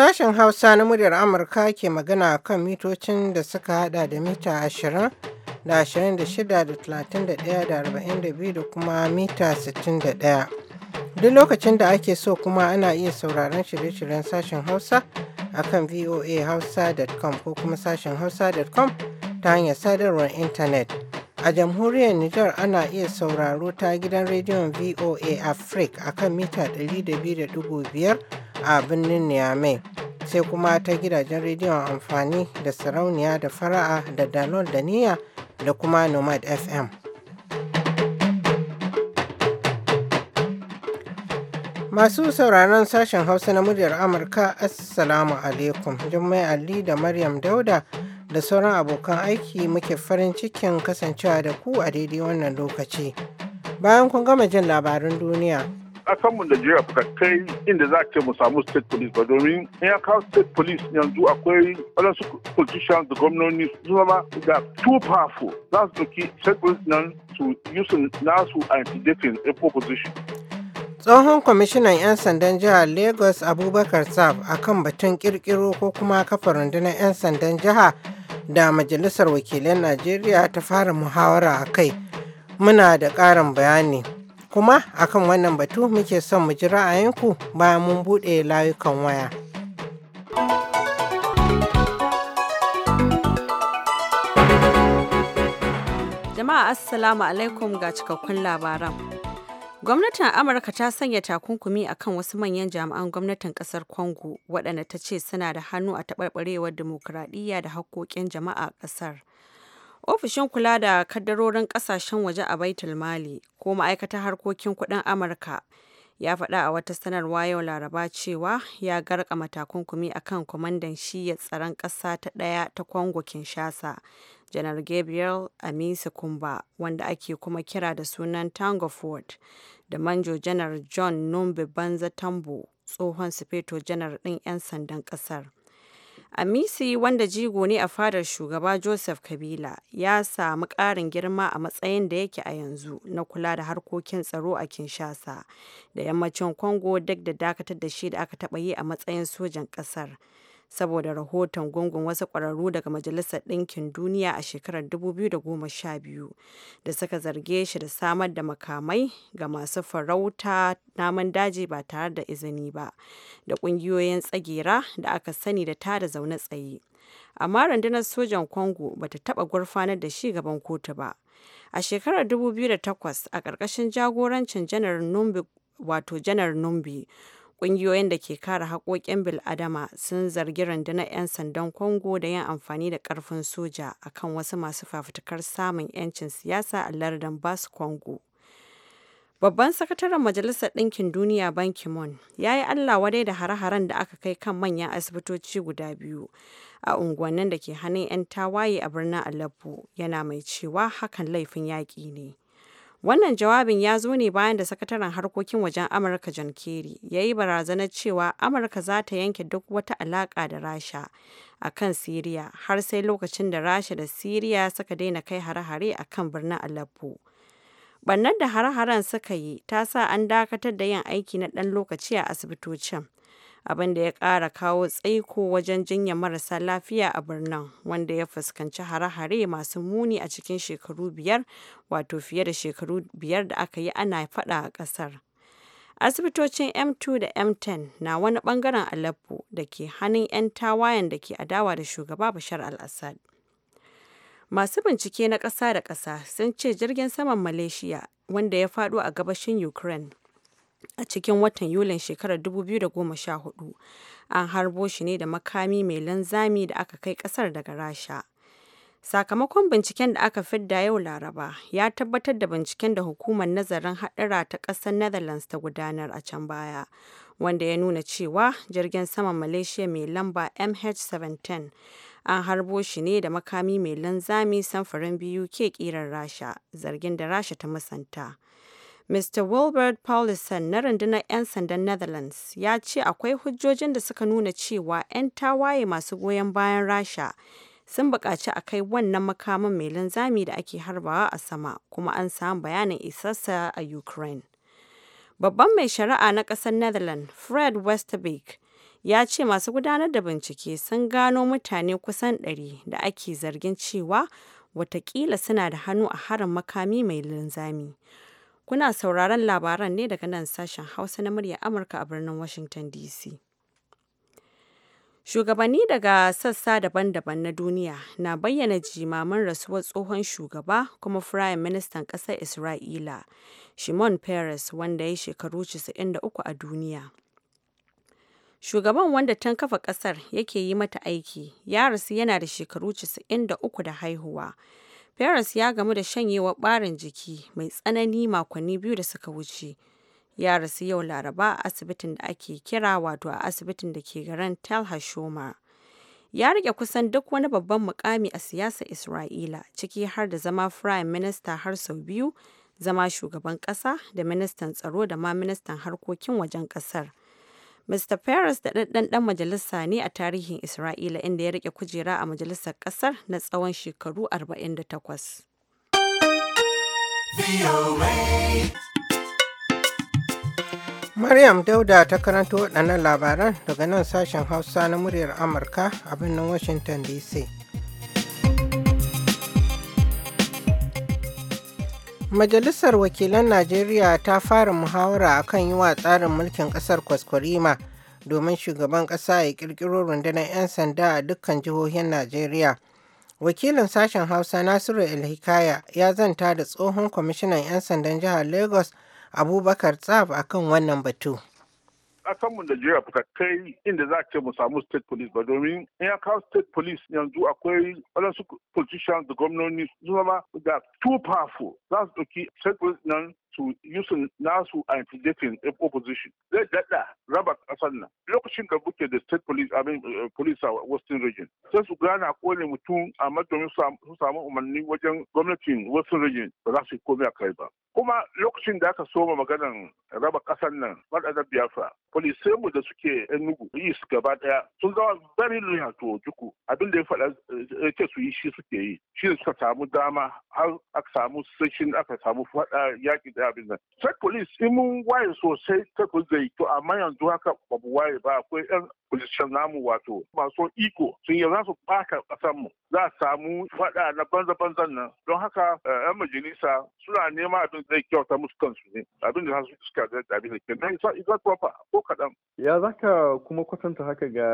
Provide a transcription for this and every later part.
Sashen Hausa na muryar Amurka ke magana kan mitocin da suka hada da mita 20 da 26 da 31 da 42 da kuma mita 61. Duk lokacin da ake so kuma ana iya sauraron shirye-shiryen sashen Hausa a kan voahausa.com ko kuma sashen hausa.com ta hanyar sadarwar intanet. A jamhuriyar Nijar ana iya sauraro ta gidan rediyon VOA Africa a kan mita 200.5 a birnin Niamey sai kuma ta gidajen rediyon amfani da sarauniya da fara'a da dalol da niyya da kuma nomad fm masu sauraron sashen hausa na muryar amurka assalamu alaikum jummai ali da maryam dauda da sauran abokan aiki muke farin cikin kasancewa da ku a daidai wannan lokaci bayan kun gama jin labarin duniya kasanmu Najeriya a kai inda za ke mu samu state police ba domin in ya kawo state police yanzu akwai waɗansu politicians da gwamnoni su zama da too powerful za su doki state police nan su yusin nasu a intimidating a proposition. tsohon kwamishinan 'yan sandan jihar lagos abubakar sab kan batun kirkiro ko kuma kafa rundunar 'yan sandan jiha da majalisar wakilan najeriya ta fara muhawara a kai muna da ƙarin bayani kuma akan wannan batu muke son mu ji ra'ayinku bayan mun buɗe layukan waya. Jama'a Assalamu alaikum ga cikakkun labaran. Gwamnatin Amurka ta sanya takunkumi a kan wasu manyan jami'an gwamnatin ƙasar Kongo, waɗanda ta ce suna da hannu a taɓarɓarewar dimokuraɗiyya da haƙƙoƙin jama'a a ƙasar. Ofishin kula da kadarorin kasashen waje a Baitul Mali ko ma'aikatar harkokin kudin Amurka ya faɗa a wata sanarwa yau Laraba cewa ya garkama takunkumi akan kwamandan shiya tsaron ƙasa ta ɗaya ta Congo Kinshasa, Janar Gabriel Amisi Kumba, wanda ake kuma kira da sunan Tango Ford, da Manjo Janar John Numbi Banza Tambo, tsohon Sufeto Janar ɗin 'yan sandan ƙasar. Amisi wanda jigo ne a fadar shugaba Joseph Kabila ya samu ƙarin girma a matsayin da yake a yanzu na kula da harkokin tsaro a Kinshasa da yammacin Congo duk da dakatar da shi da aka taɓa yi a matsayin sojan ƙasar. saboda rahoton gungun wasu ƙwararru daga Majalisar Ɗinkin Duniya a shekarar 2012 da suka zarge shi da samar da makamai ga masu farauta namun daji ba tare da izini ba da ƙungiyoyin tsagera da aka sani da tada zaune tsaye. Amma rundunar sojan Kongo ba ta taɓa gurfanar da shi gaban kotu ba. A shekarar 2008 a ƙarƙashin jagorancin janar Numbi wato janar Numbi Ƙungiyoyin da ke kare haƙoƙin bil'adama sun zargi rundunar 'yan sandan Congo da yin amfani da ƙarfin soja a kan wasu masu fafutukar samun 'yancin siyasa a lardin Basu Congo. Babban sakataren Majalisar Ɗinkin Duniya Ban ki ya yi Allah wadai da hare-haren da aka kai kan manyan asibitoci guda biyu a unguwannin da ke hannun 'yan tawaye a birnin Aleppo yana mai cewa hakan laifin yaƙi ne. Wannan jawabin ya zo ne bayan da Sakataren Harkokin Wajen Amurka John Kerry ya yi barazanar cewa Amurka za ta yanke duk wata alaƙa da Rasha a kan Siriya har sai lokacin da Rasha da Siriya suka daina kai hare-hare a kan birnin Aleppo. Bannar da hare-haren suka yi ta sa an dakatar da yin aiki na ɗan lokaci a asibitocin. abin da ya ƙara kawo tsaiko wajen jinya marasa lafiya a birnin wanda ya fuskanci hare-hare masu muni a cikin shekaru biyar wato fiye da shekaru biyar da aka yi ana faɗa a ƙasar asibitocin m2 da m10 na wani ɓangaren aleppo da ke hannun 'yan tawayen da ke adawa da shugaba bashar al-assad masu bincike na ƙasa da ƙasa sun ce jirgin saman malaysia wanda ya faɗo a gabashin ukraine a cikin watan Yulin shekarar 2014. An harbo shi ne da makami mai linzami da aka kai kasar daga Rasha. Sakamakon binciken da aka fidda yau Laraba ya tabbatar da binciken da Hukumar Nazarin Haɗura ta ƙasar Netherlands ta gudanar a can baya, wanda ya nuna cewa jirgin saman Malaysia mai lamba MH17 an harbo shi ne da makami mai linzami samfurin biyu ke ƙirar Rasha, zargin da Rasha ta musanta. Mr. Wilbert Paulison na rundunar 'yan sandan Netherlands ya ce akwai hujjojin da suka nuna cewa 'yan tawaye masu goyon bayan Rasha sun buƙaci a kai wannan makamin mai linzami da ake harbawa a sama kuma an samu bayanin isarsa a Ukraine. Babban mai shari'a na ƙasar Netherlands, Fred Westerbeek, ya ce masu gudanar da bincike sun gano mutane kusan 100 da ake zargin cewa watakila suna da hannu a harin makami mai linzami. Kuna sauraron labaran ne daga nan sashen Hausa na murya Amurka a birnin Washington DC. Shugabanni daga sassa daban-daban na duniya na bayyana jimamin rasuwar tsohon shugaba kuma firayim ministan ƙasar Isra'ila, Shimon Peres, wanda ya shekaru 93 a duniya. Shugaban wanda tun kafa ƙasar yake yi mata aiki, ya rasu yana da shekaru 93 da haihuwa. Peres ya gamu da shanyewar barin jiki mai tsanani makonni biyu da suka wuce. Ya rasu yau Laraba a asibitin da ake kira wato a asibitin da ke garin Tel Hashoma. Ya rike kusan duk wani babban mukami a siyasar Isra'ila, ciki har da zama Firayim Minista har sau biyu, zama shugaban ƙasa da ministan tsaro da ma ministan harkokin wajen ƙasar. Mr. Peres da ɗanɗan ɗan majalisa ne a tarihin Isra'ila inda ya rike kujera a majalisar ƙasar na tsawon shekaru 48. Maryam Dauda ta karanto waɗannan labaran daga nan sashen Hausa na muryar Amurka a birnin Washington DC. Majalisar Wakilan Najeriya ta fara muhawara akan yi wa tsarin mulkin ƙasar kwaskwarima domin shugaban ƙasa ya ƙirƙiro rundunar 'yan sanda a dukkan jihohin Najeriya. Wakilin sashen Hausa Nasiru Elhikaya ya zanta da tsohon kwamishinan 'yan sandan jihar Lagos Abubakar Tsaf akan wannan batu. mu Najeriya ba kai inda za ce mu samu state police ba domin in ya kawo state police yanzu akwai waɗansu politicians da gwamnoni su zama da too powerful za su ɗauki state police nan su yusun nasu anti-dating opposition zai daɗa raba ƙasar nan lokacin da buke da state police abin eh, police a western region sai su gana kone mutum a domin su samu umarni wajen gwamnatin western region ba za su yi a kai ba kuma lokacin da aka soma maganan raba kasar nan faɗaɗar biafra polisai mu da suke enugu east gaba ɗaya sun zama very loyal to ojuku abin da ya faɗa ke eh, su yi shi suke yi shi suka samu dama har aka samu sashin aka samu faɗa yaƙi ya abin nan sai police in mun waye sosai ta zai to amma yanzu haka babu waye ba akwai yan politician namu wato masu iko sun yi za su baka kasan mu za a samu faɗa na banza banzan nan don haka yan eh, majalisa suna nema abin zai kyauta musu kansu ne abin da su suka da abin da ke nan isa proper ko kaɗan. ya zaka kuma kwatanta haka ga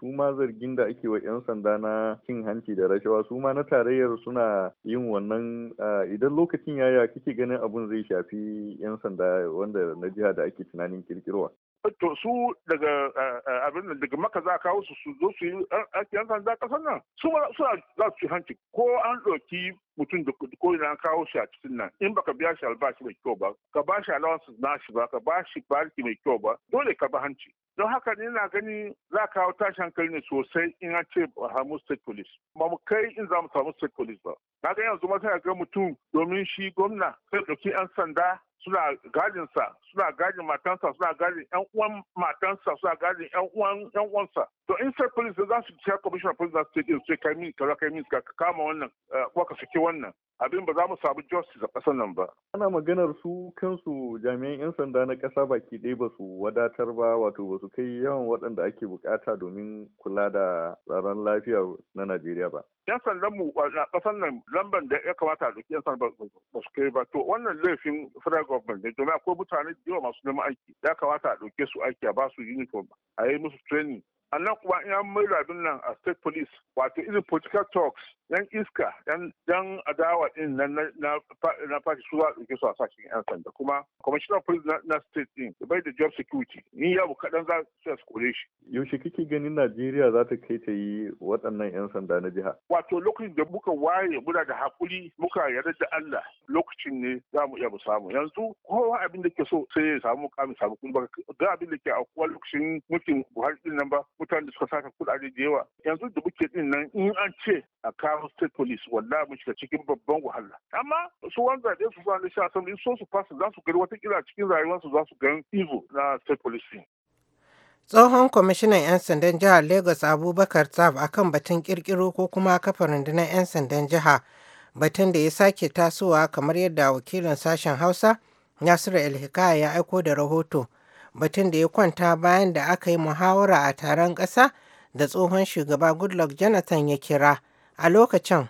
su ma zargin da ake wa yan sanda na cin hanci da rashawa su ma na tarayyar suna yin wannan eh, idan lokacin yaya kike ganin abun zai shafi 'yan sanda wanda na jiha da ake tunanin kirkirwa? to su daga abin da daga maka za a kawo su su zo su yi yan sanda kasar nan su za su ci hanci ko an ɗauki mutum da ko ina kawo shi a cikin nan in baka biya shi albashi mai kyau ba ka ba shi alawansu na shi ba ka ba shi bariki mai kyau ba dole ka ba hanci don haka ne na gani za kawo tashin hankali ne sosai in an ce ba samu state police ba mu kai in za mu samu state police ba na gani yanzu ma sai ga mutum domin shi gwamna sai ɗauki 'yan sanda suna gadinsa suna gadin matansa suna gadin yan uwan matansa suna gadin yan uwan yan uwansa to in sai police za su ci commissioner police na su ce din sai kai min kaza kai min ka kama wannan eh, ko ka saki wannan abin ba za mu samu justice a ƙasar nan ba. Ana maganar su kansu jami'an 'yan sanda na ƙasa baki ɗaya ba su wadatar ba wato ba su kai yawan waɗanda ake buƙata domin kula da tsaron lafiya na Najeriya ba. 'Yan sandan mu na ƙasar nan lamban da ya kamata a ɗauki 'yan sanda ba su kai ba to wannan laifin federal government ne domin akwai mutane da yawa masu neman aiki ya kamata a ɗauke su aiki a ba su uniform a yi musu training. Annan kuma in an mai abin nan a state police wato irin political talks yan iska dan adawa din na na fashi su za ɗauke su a sashen yan sanda kuma commissioner police na state din bai da job security ni bu kadan za su kore shi. yaushe kike ganin najeriya za ta kai ta yi waɗannan yan sanda na jiha. wato lokacin da muka waye muna da hakuri muka yarda da allah lokacin ne za mu iya mu samu yanzu kowa abin da ke so sai ya samu kamin samu kuma ga abin da ke aukuwa lokacin mutum buhari din nan ba mutane da suka saka kuɗaɗe da yawa yanzu da muke din nan in an ce a kawo Kano State Police wallahi mun shiga cikin babban wahala amma su wanda da su sa sha sam in so su fasa za su gani wata kila cikin rayuwarsu za su gan izo na State Police Tsohon kwamishinan 'yan sandan jihar Lagos Abubakar a kan batun kirkiro ko kuma kafa rundunar 'yan sandan jiha batun da ya sake tasowa kamar yadda wakilin sashen Hausa Nasiru Elhikaya ya aiko da rahoto batun da ya kwanta bayan da aka yi muhawara a taron ƙasa da tsohon shugaba Goodluck Jonathan ya kira. a lokacin.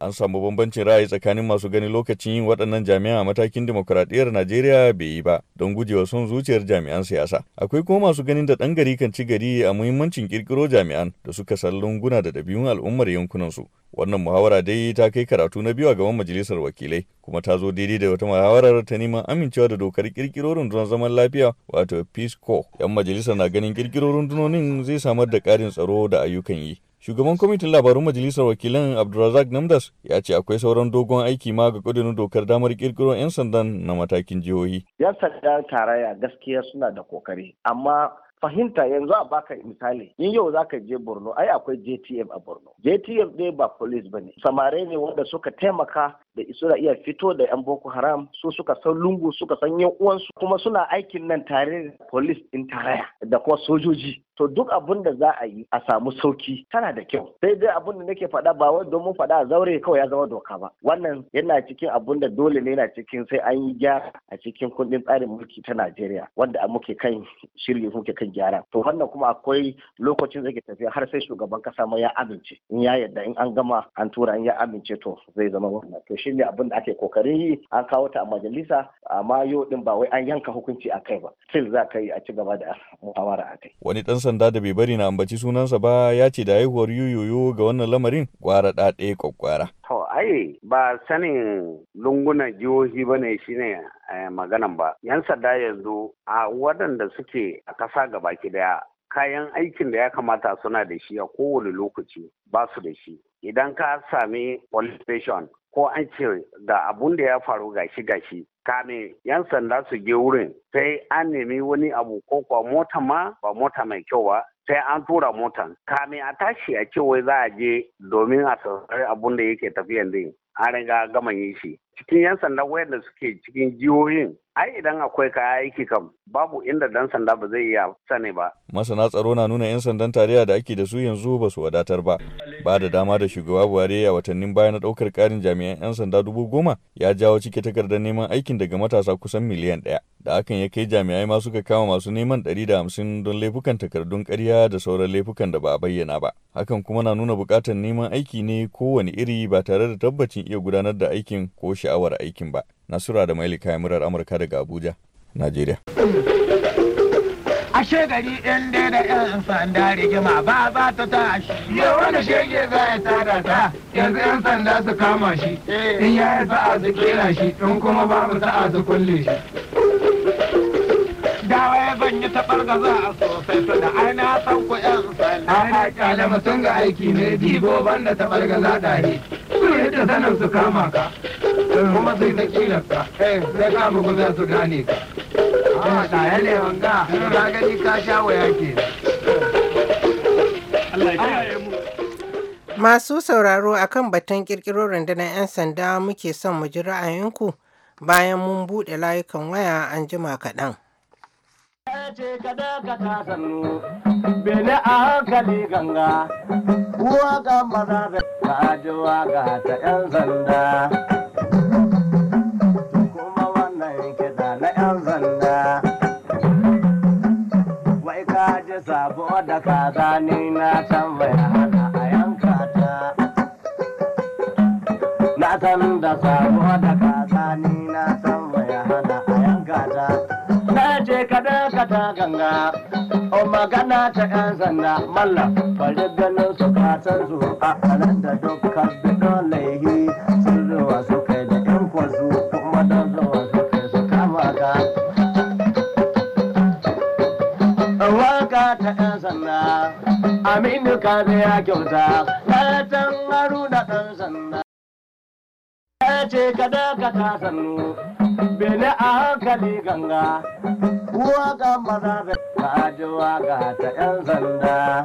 An samu bambancin ra'ayi tsakanin masu ganin lokacin yin waɗannan jami'a a matakin demokuraɗiyyar Najeriya bai yi ba don gujewa son zuciyar jami'an siyasa. Akwai kuma masu ganin da ɗan gari kan ci gari a muhimmancin ƙirƙiro jami'an da suka san lunguna da ɗabi'un al'ummar yankunansu. Wannan muhawara dai ta kai karatu na biyu a gaban majalisar wakilai kuma ta zo daidai da wata muhawarar ta neman amincewa da dokar kirkiro rundunar zaman lafiya wato Peace Corps. Yan majalisar na ganin kirkiro rundunonin zai samar da ƙarin tsaro da ayyukan yi. Shugaban kwamitin labarun majalisar wakilan Abdulrazak Namdas ya ce akwai sauran dogon aiki ma ga kudinin dokar damar kirkiro 'yan sandan na matakin jihohi. 'Yan sandan taraya gaskiya suna da kokari, amma fahimta yanzu a baka misali in yau zaka je borno ai akwai jtm a borno jtm ne ba police ba ne samare ne wanda suka taimaka da suna iya fito da 'yan boko haram su suka san lungu suka san yan uwansu kuma suna aikin nan tare da polis din taraya da kuma sojoji to duk abunda da za a yi a samu sauki tana da kyau sai dai abunda da nake faɗa ba wai domin faɗa a zaure kawai ya zama doka ba wannan yana cikin abunda da dole ne yana cikin sai an yi gyara a cikin kundin tsarin mulki ta Najeriya wanda muke kan shirye muke kan gyara to wannan kuma akwai lokacin zai tafiya har sai shugaban kasa ma ya amince in ya yadda in an gama an tura in ya amince to zai zama wannan to shine abin da ake kokarin yi an kawo ta a majalisa amma yau din ba wai an yanka hukunci a kai ba still za ka yi a ci gaba da muhawara a kai wani dan sanda da bai bari na ambaci sunansa ba ya ce da haihuwar yuyoyo ga wannan lamarin gwara da ɗaya kwakwara to ai ba sanin lungunan jihohi ba ne shine eh, maganan ba yan sanda yanzu a waɗanda suke a ƙasa gaba ki daya kayan aikin da ya kamata suna da shi a kowane lokaci ba su da shi idan ka sami qualification ko an ce da abun da ya faru gashi gashi kame yan sanda su je wurin sai an nemi wani abu ko kwa mota ma ba mota mai kyau ba sai an tura motan kame a tashi a ce wai za a je domin a saurari abun da yake tafiyan din an riga gama yin shi cikin 'yan sanda wayanda suke cikin jihohin ai idan akwai kaya aiki kam babu inda dan sanda ba zai iya sani ba masana tsaro na nuna 'yan sandan tarayya da ake da su yanzu ba su wadatar ba ba da dama da shugaba buhari a watannin baya na daukar karin jami'an 'yan sanda dubu goma ya jawo cike takardar neman aikin daga matasa kusan miliyan ɗaya da hakan ya kai jami'ai ma suka kama masu neman ɗari da hamsin don laifukan takardun karya da sauran laifukan da ba a bayyana ba hakan kuma na nuna buƙatar neman aiki ne kowane iri ba tare da tabbacin iya gudanar da aikin ko sha'awar aikin ba nasura da mailika murar amurka daga abuja najeriya ashe gari ɗin dai da yan sanda rigima ba ba ta shi. ya wani shege za ya tada ta yanzu ƴan sanda su kama shi eh. in ya yi sa'a su kera shi in kuma babu sa'a su kulle shi dawa ya ban yi taɓar ga za a sosai su da aina san ku yan sanda aina ƙyale mutum ga aiki ne dibo da taɓar ga za da yi su yadda sanin su kama ka kuma sai ta kila ta kama ku za su gane ka ah, eh, a tsaye ne wanga ka gani ka sha waya ke ah. Masu sauraro a kan batun kirkiro rundunar 'yan sanda muke son mu ji ra'ayinku bayan mun buɗe layukan waya an jima kaɗan. Bene a hankali ganga, uwa ga maza da ta 'yan sanda. rabo da kaza ni na san bai hana a yanka ta na san da sabo da kaza ni na san bai hana a yanka ta na ce ka daga ta ganga o magana ta yan sanda mallam bari ganin su san su a nan da dukkan bidon laihi aminu ka ya kyauta fatan haruna ɗan sanda ya ce ka dakata sannu bele a hankali ganga waka maza da kaji ga ta 'yan sanda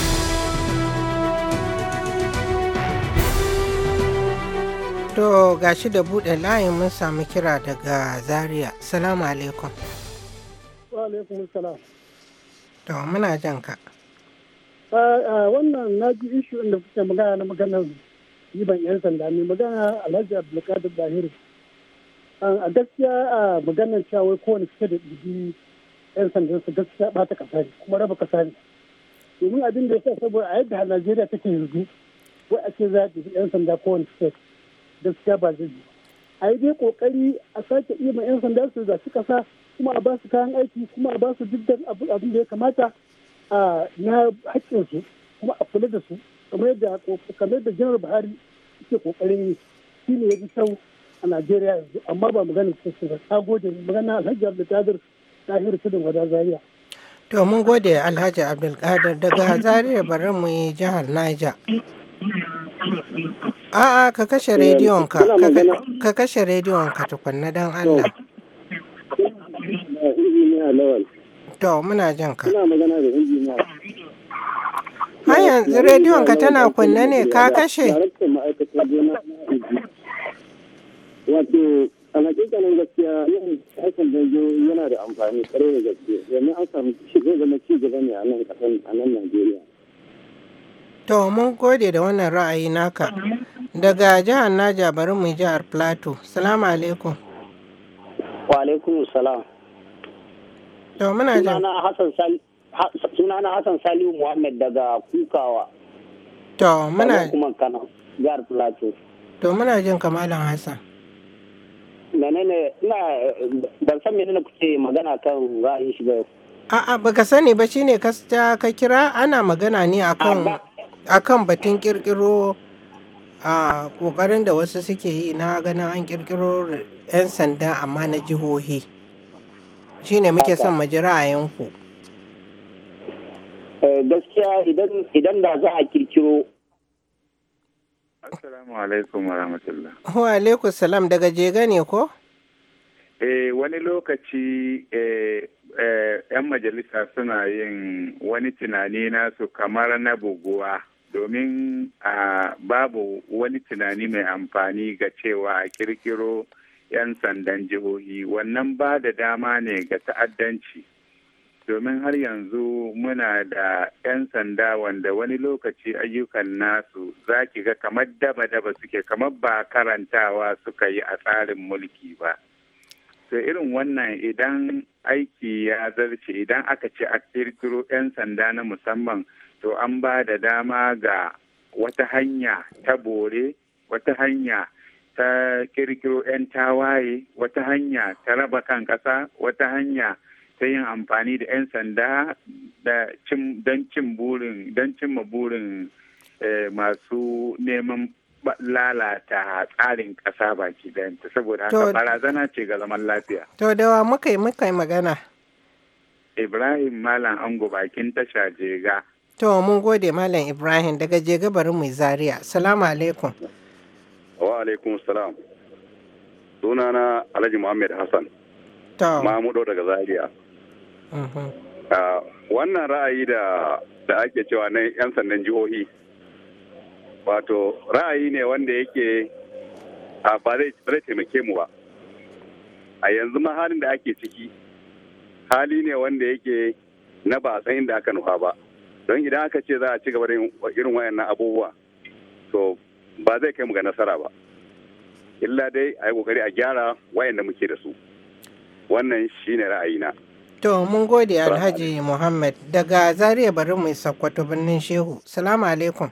To gashi da buɗe layin mun samu kira daga Zaria. Salamu alaikum. Wa alaikum salam. To muna jan ka. Wannan na ji ishu da kuke magana na maganar ban 'yan sanda ne magana Alhaji Abdulkadir Bahiru. A gaskiya a maganar cewa kowane fita da ɗigi 'yan sanda su gaskiya bata kasa ne kuma raba kasa ne. Domin abin da ya sa saboda a yadda Najeriya take yanzu wai a ce za a ɗigi 'yan sanda kowane fita? gaskiya ba zai yi a yi dai kokari a sake iya ma 'yan sanda su zaci kasa kuma a ba su kayan aiki kuma a ba su duk abin da ya kamata a na su kuma a kula da su kamar yadda kamar da janar buhari ke kokarin yi shi ne ya ji sau a najeriya yanzu amma ba maganin kusa ba ta gode magana alhaji abdulkadir tahir tudun wada zaria to mun gode alhaji abdulkadir daga zaria bari mu yi jihar niger A'a ka kashe eh, rediyon ka ka kashe rediyon ka tukunna don Allah. To muna jin ka. Har yanzu rediyon ka tana kunna ne ka kashe? Wato a gaskiya yin aikin yana da amfani da gaske domin an samu shigo na ci ne Najeriya. To mun gode da wannan ra'ayi naka. Daga jihar Naja bari mu jihar Plateau. Salamu alaikum. Wa alaikum salam. To muna jin. Sunana Hassan Saliu Muhammad daga Kukawa. To muna kuma Kano, jihar Plateau. To muna jin kamalan Hassan. menene ina ban san menene kuke magana kan ra'ayin shi ba. A'a baka sani ba shine ka ka kira ana magana ne akan akan batun kirkiro a kokarin da wasu suke yi na ganin an kirkiro 'yan sanda amma na jihohi shine muke son mu ra'ayinku eh, gaskiya idan da za a kirkiro Assalamu alaikum wa rahmatullah. Wa alaikum salam daga jega ne ko? Eh, wani lokaci eh, 'yan majalisa suna yin wani tunani nasu kamar na buguwa. domin babu wani tunani mai amfani ga cewa a kirkiro 'yan sandan jihohi wannan ba da dama ne ga ta'addanci domin har yanzu muna da 'yan sanda wanda wani lokaci ayyukan nasu za ki ga kamar daba-daba suke kamar ba karantawa suka yi a tsarin mulki ba to irin wannan idan aiki ya zarce idan aka ci a kirkiro 'yan sanda na musamman to an ba da dama ga wata hanya ta bore wata hanya ta kirkiro 'yan tawaye wata hanya ta raba kan ƙasa wata hanya ta yin amfani da 'yan sanda don cin burin don cimma burin eh, masu neman lalata tsarin ƙasa baki ɗayanta saboda haka barazana ce ga zaman lafiya. To dawa muka yi muka magana. Ibrahim Malam Ango bakin tasha jega To mun gode Malam Ibrahim daga je gabarin mai zaria. Salamu alaikum. Wa alaikum salam. Sunana Alhaji Muhammad Hassan. To. Mahmudo daga Zaria. Mm-hmm. Wannan ra'ayi da da ake cewa na 'yan sandan jihohi. Wato ra'ayi ne wanda yake a ba zai taimake mu ba. A yanzu ma halin da ake ciki hali ne wanda yake na ba san inda aka nufa ba. don idan aka ce za a ci gaba da irin wayannan abubuwa to ba zai kai mu ga nasara ba illa dai a yi kokari a gyara wayanda muke da su wannan shine ra'ayina to mun gode alhaji muhammad daga zaria bari mai sakkwato birnin shehu salamu alaikum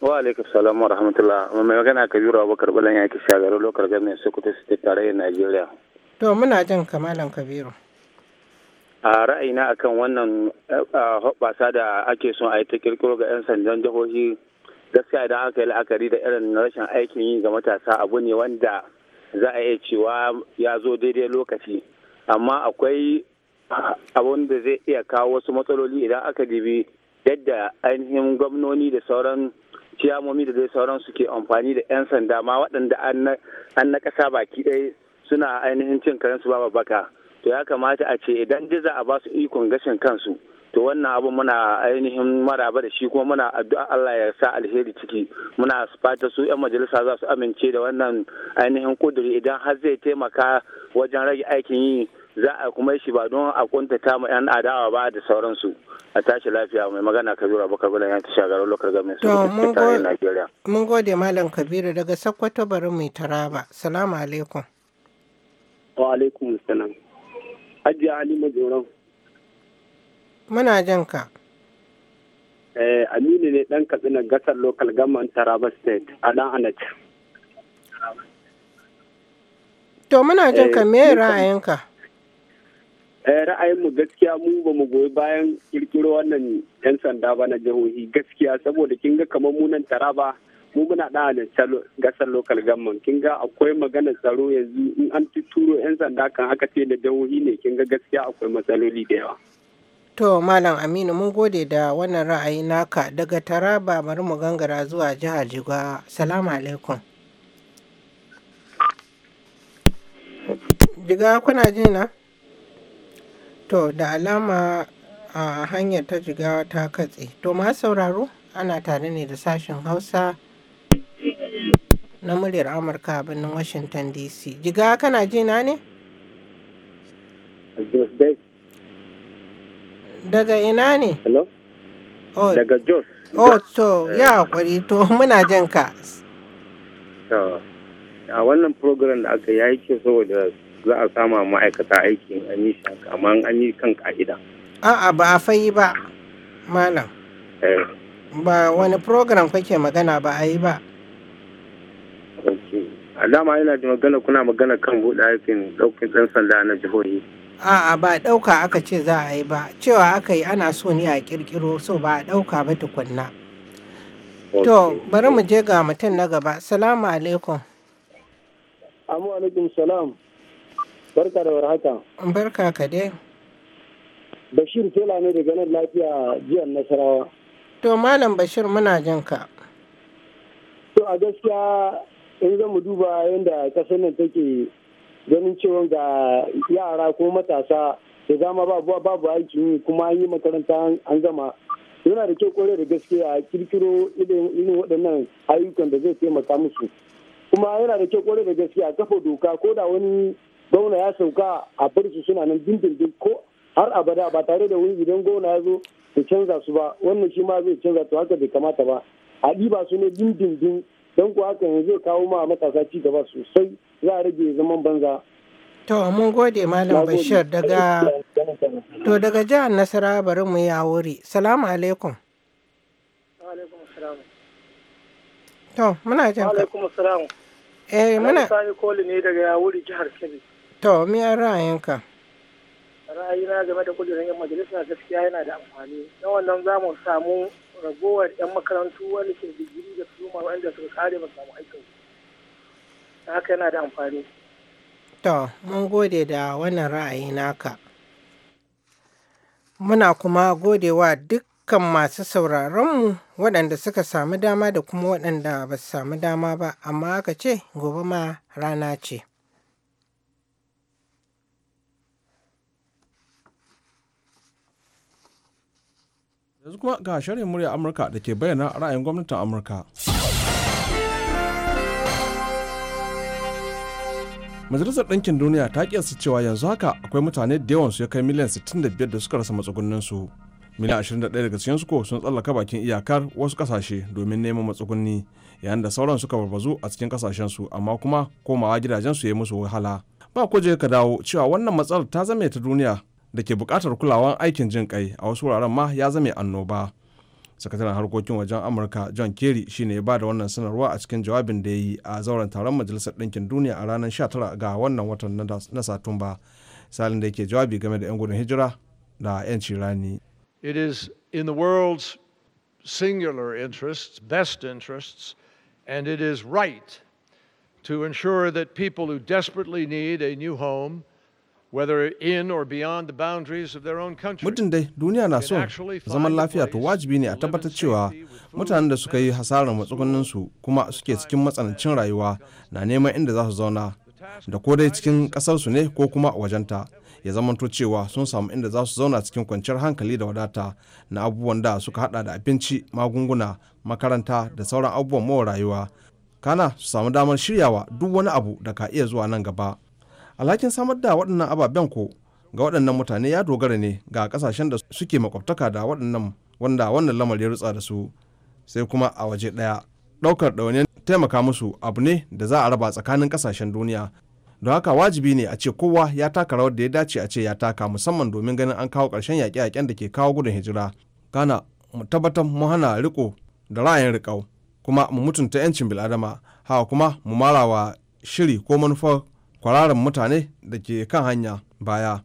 wa alaikum salam wa rahmatullah mai magana kabiru abubakar balan yaki shagarar lokar gamin sokoto state tarayyar najeriya to muna jin kamalan kabiru a ra'ayina akan wannan hoɓɓasa da ake son a yi ta kirkiro ga 'yan sandan jihohi gaskiya idan aka yi la'akari da irin rashin aikin yi ga matasa abu ne wanda za a iya cewa ya zo daidai lokaci amma akwai abun da zai iya kawo wasu matsaloli idan aka dibi yadda ainihin gwamnoni da sauran ciyamomi da dai sauran suke amfani da 'yan sanda ma waɗanda an na ƙasa baki ɗaya suna ainihin cin su ba baka. to ya kamata a ce idan jiza za a ba su ikon gashin kansu to wannan abu muna ainihin maraba da shi kuma muna addu'a Allah ya sa alheri ciki muna fata su 'yan majalisa za su amince da wannan ainihin kuduri idan har zai taimaka wajen rage aikin yi za a kuma shi ba don a kuntata ma 'yan adawa ba da sauransu a tashi lafiya mai magana kabiru abubakar gudan yanki shagarar lokar gamin su mun gode malam kabiru daga Sakwato bari mai taraba salamu alaikum wa alaikum salam Hajiya ali Joron. Muna jin ka. Eh, Aminu ne ɗan katsina gasar local government Taraba State a ɗan anac To muna jin ka eh, me ra'ayinka? Eh, ra'ayinmu gaskiya mu ba mu goyi bayan kirkiro wannan 'yan sanda ba na jihohi gaskiya saboda kin ga kamar munan Taraba. mu muna da gasar local government kin ga akwai magana tsaro yanzu in an turo yan sanda kan aka ce da jihohi ne kin ga gaskiya akwai matsaloli da yawa to malam aminu mun gode da wannan ra'ayi naka daga taraba bari mu gangara zuwa jihar jigawa salamu alaikum jiga kuna ji na to da alama a hanyar ta jigawa ta katse to ma sauraro ana tare ne da sashen hausa na muryar Amurka a birnin Washington DC. Jiga kana ji na ne? Daga ina ne? Oh. Daga Jos. Oh, to, ya kwari to muna jin ka. A wannan program da aka yi ke saboda za a sama ma'aikata aikin an yi shi amma an yi kan ka'ida. A'a ba a fayi ba, malam. Eh. Ba wani program kake magana ba a yi ba. dama yana da magana kuna magana kan buɗe aikin ɗaukin ɗan sanda na jihohi. A'a ba ɗauka aka ce za a yi ba, cewa aka yi ana so ne a ƙirƙiro so ba a ɗauka ba tukunna. To bari mu je ga mutum na gaba. Salamu alaikum. Amu alaikum salam. Barka da warhaka. Barka ka dai. Bashir Tela ne daga nan lafiya jiyan Nasarawa. To Malam Bashir muna jinka. To a gaskiya in zan mu duba yadda kasar nan take ganin cewa ga yara ko matasa da dama babu babu aikin yi kuma an yi makaranta an gama yana da kyau kwarai da gaske a kirkiro irin waɗannan ayyukan da zai taimaka musu kuma yana da kyau kwarai da gaske a kafa doka ko da wani gauna ya sauka a bar su suna nan dindindin ko har abada ba tare da wani idan gwamna ya zo da canza su ba wannan shi ma zai canza to haka bai kamata ba a ɗiba su ne dindindin don kuwa hakan zai kawo ma matasa ci gaba sosai za a rage zaman banza to mun gode malam bashir daga to daga jihar nasara bari mu ya wuri salamu alaikum to muna jan ka alaikum salam eh muna sai koli ne daga ya wuri jihar kebbi to me ra'ayinka ra'ayina game da kudirin yan majalisa gaskiya yana da amfani na wannan za mu samu ragowar yan makarantu wani ke digiri da su ma wanda suka kare ba samu aikin haka yana da amfani to mun gode da wannan ra'ayi naka muna kuma godewa dukkan masu sauraronmu waɗanda suka samu dama da kuma waɗanda ba su samu dama ba amma aka ce gobe ma rana ce yanzu kuma ga shirin murya amurka da ke bayyana ra'ayin gwamnatin amurka majalisar ɗinkin duniya ta kiyasta cewa yanzu haka akwai mutane da yawan su ya kai miliyan 65 da suka rasa matsugunnin su miliyan 21 daga su ko sun tsallaka bakin iyakar wasu kasashe domin neman matsugunni yayin da sauran suka barbazu a cikin kasashen su amma kuma komawa gidajen su ya yi musu wahala ba ko je ka dawo cewa wannan matsalar ta zame ta duniya da ke bukatar kulawan aikin jin kai a wasu wuraren ma ya zame annoba sakataren harkokin wajen amurka john kerry shine ya ba da wannan sanarwa a cikin jawabin da ya yi a zauren taron majalisar ɗinkin duniya a ranar 19 ga wannan watan na satumba salin da yake jawabi game da 'yan gudun hijira da 'yanci rani it is in the world's singular interests best interests and it is right to ensure that people who desperately need a new home Muddin dai duniya na son zaman lafiya to wajibi ne a tabbatar cewa mutanen da suka yi hasarar matsugunninsu kuma suke cikin matsanancin rayuwa na neman inda za su zauna da ko dai cikin kasarsu ne ko kuma wajenta ya zamanto cewa sun samu inda za su zauna cikin kwanciyar hankali da wadata na abubuwan da suka hada da abinci magunguna makaranta da sauran abubuwan mawa rayuwa kana su samu damar shiryawa duk wani abu da ka iya zuwa nan gaba. alhakin samar da waɗannan ababen ko ga waɗannan mutane ya dogara ne ga ƙasashen da suke makwabtaka da waɗannan wanda wannan lamar ya rutsa da su sai kuma a waje ɗaya ɗaukar ɗaune taimaka musu abu ne da za a raba tsakanin ƙasashen duniya don haka wajibi ne a ce kowa ya taka rawar da ya dace a ce ya taka musamman domin ganin an kawo ƙarshen yaƙe-yaƙen da ke kawo gudun hijira kana mu tabbatar mu hana riko da ra'ayin riƙau kuma mu mutunta 'yancin bil'adama haka kuma mu mara wa shiri ko manufar kwararan mutane da ke kan hanya baya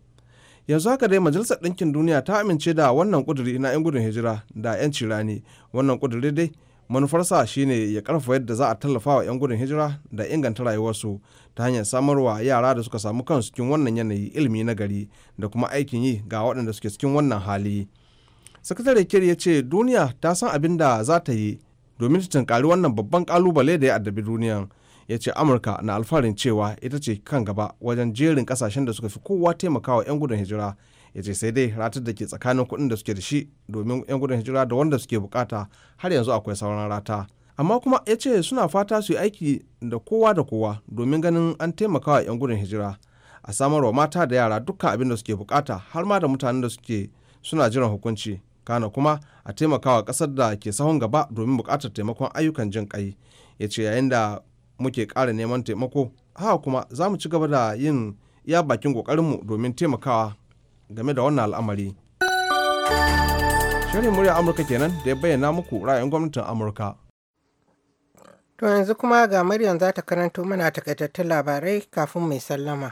yanzu haka dai majalisar ɗinkin duniya ta amince da wannan ƙuduri na 'yan gudun hijira da 'yan rani wannan ƙuduri dai manufarsa shine ya karfafa yadda za a tallafa wa 'yan gudun hijira da inganta rayuwarsu ta hanyar samarwa yara da suka samu kansu cikin wannan yanayi ilimi na gari da kuma aikin yi ga waɗanda suke cikin wannan hali sakatare kiri ya ce duniya ta san abin da za ta yi domin ta tunkari wannan babban ƙalubale da ya addabi duniyan ya ce amurka na alfaharin cewa ita ce kan gaba wajen jerin kasashen da suka fi kowa taimakawa 'yan gudun hijira ya ce sai dai ratar da ke tsakanin kuɗin da suke da shi domin 'yan gudun hijira da wanda suke bukata har yanzu akwai sauran rata amma kuma ya ce suna fata su yi aiki da kowa da kowa domin ganin an taimakawa 'yan gudun hijira a samarwa mata da yara dukkan abin da suke bukata har ma da mutanen da suke suna jiran hukunci kana kuma a taimakawa kasar da ke sahun gaba domin bukatar taimakon ayyukan jin kai ya ce yayin da muke ƙara neman taimako haka kuma za mu ci gaba da yin iya bakin ƙoƙarinmu domin taimakawa game da wannan al'amari shirin murya amurka kenan da ya bayyana muku ra'ayin gwamnatin amurka to yanzu kuma ga maryam za ta karanto mana takaitattun labarai kafin mai sallama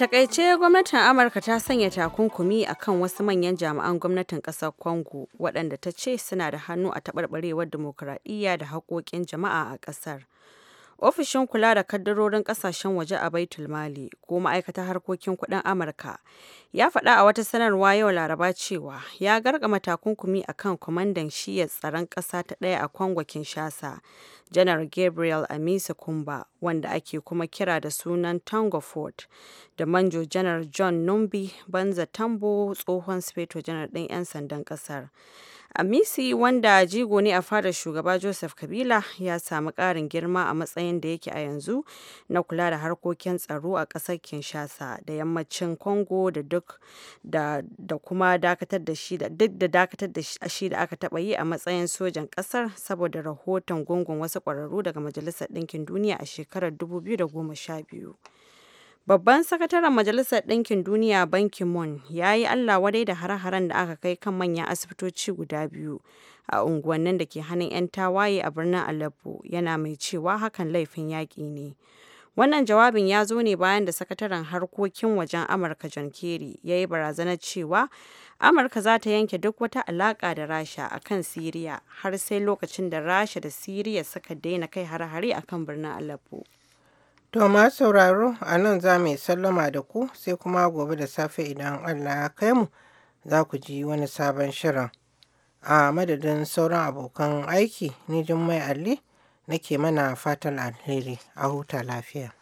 takaice gwamnatin Amurka ta sanya takunkumi a kan wasu manyan jami'an gwamnatin ƙasar Congo waɗanda ta ce suna da hannu a taɓarɓarewar dimokuraɗiyya da haƙoƙin jama'a a ƙasar. Ofishin kula da kaddarorin kasashen waje a Baitul Mali ko ma'aikatar harkokin kudin Amurka ya faɗa a wata sanarwa yau Laraba cewa ya gargama takunkumi kan kwamandan shiya tsaron ƙasa ta ɗaya a Congo Kinshasa, Janar Gabriel Amisa Kumba, wanda ake kuma kira da sunan Tango Ford, da Manjo Janar John Numbi Banza Tambo tsohon Sufeto Janar ɗin 'yan sandan ƙasar. Amisi wanda jigo ne a fara shugaba Joseph Kabila ya samu karin girma a matsayin da yake a yanzu na kula da harkokin tsaro a ƙasar Kinshasa da yammacin Congo da duk da, kuma dakatar da shi da duk da dakatar da shi da aka taba yi a matsayin sojan ƙasar saboda rahoton gungun wasu ƙwararru daga Majalisar Ɗinkin Duniya a shekarar 2012. Babban sakataren Majalisar Ɗinkin Duniya Ban Ki-moon ya yi Allah wadai da hare-haren da aka kai kan manyan asibitoci guda biyu a unguwannin da ke hannun 'yan tawaye a birnin Aleppo yana mai cewa hakan laifin yaƙi ne. Wannan jawabin ya zo ne bayan da sakataren harkokin wajen Amurka John Kerry ya yi barazanar cewa Amurka za ta yanke duk wata alaƙa da Rasha a kan Siriya har sai lokacin da Rasha da Siriya suka daina kai hare-hare a kan birnin Aleppo. To ma sauraro a nan za mu yi sallama da ku sai kuma gobe da safe idan Allah ya kai mu za ku ji wani sabon shirin. A madadin sauran abokan aiki ni Jummai alli nake mana fatan alheri a huta lafiya.